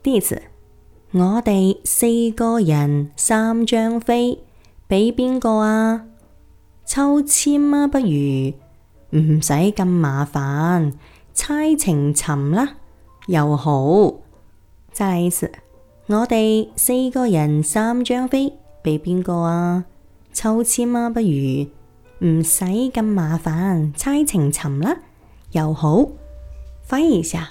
啲，第一次，This, 我哋四個人三張飛，俾邊個啊？抽簽啊，不如。唔使咁麻煩，猜呈尋啦。又好。再一次，我哋四個人三張飛，俾邊個啊？抽簽啊，不如。唔使咁麻煩，猜呈尋啦。又好。翻譯一下。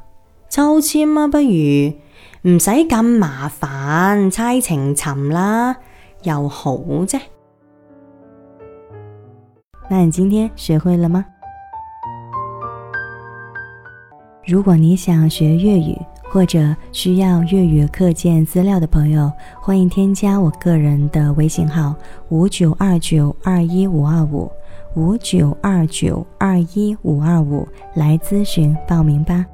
抽籤嗎、啊、不如，唔使咁麻煩，猜呈尋啦，又好啫。那你今天學會了嗎？如果你想學粵語或者需要粵語課件資料的朋友，歡迎添加我個人的微信號五九二九二一五二五五九二九二一五二五來諮詢報名吧。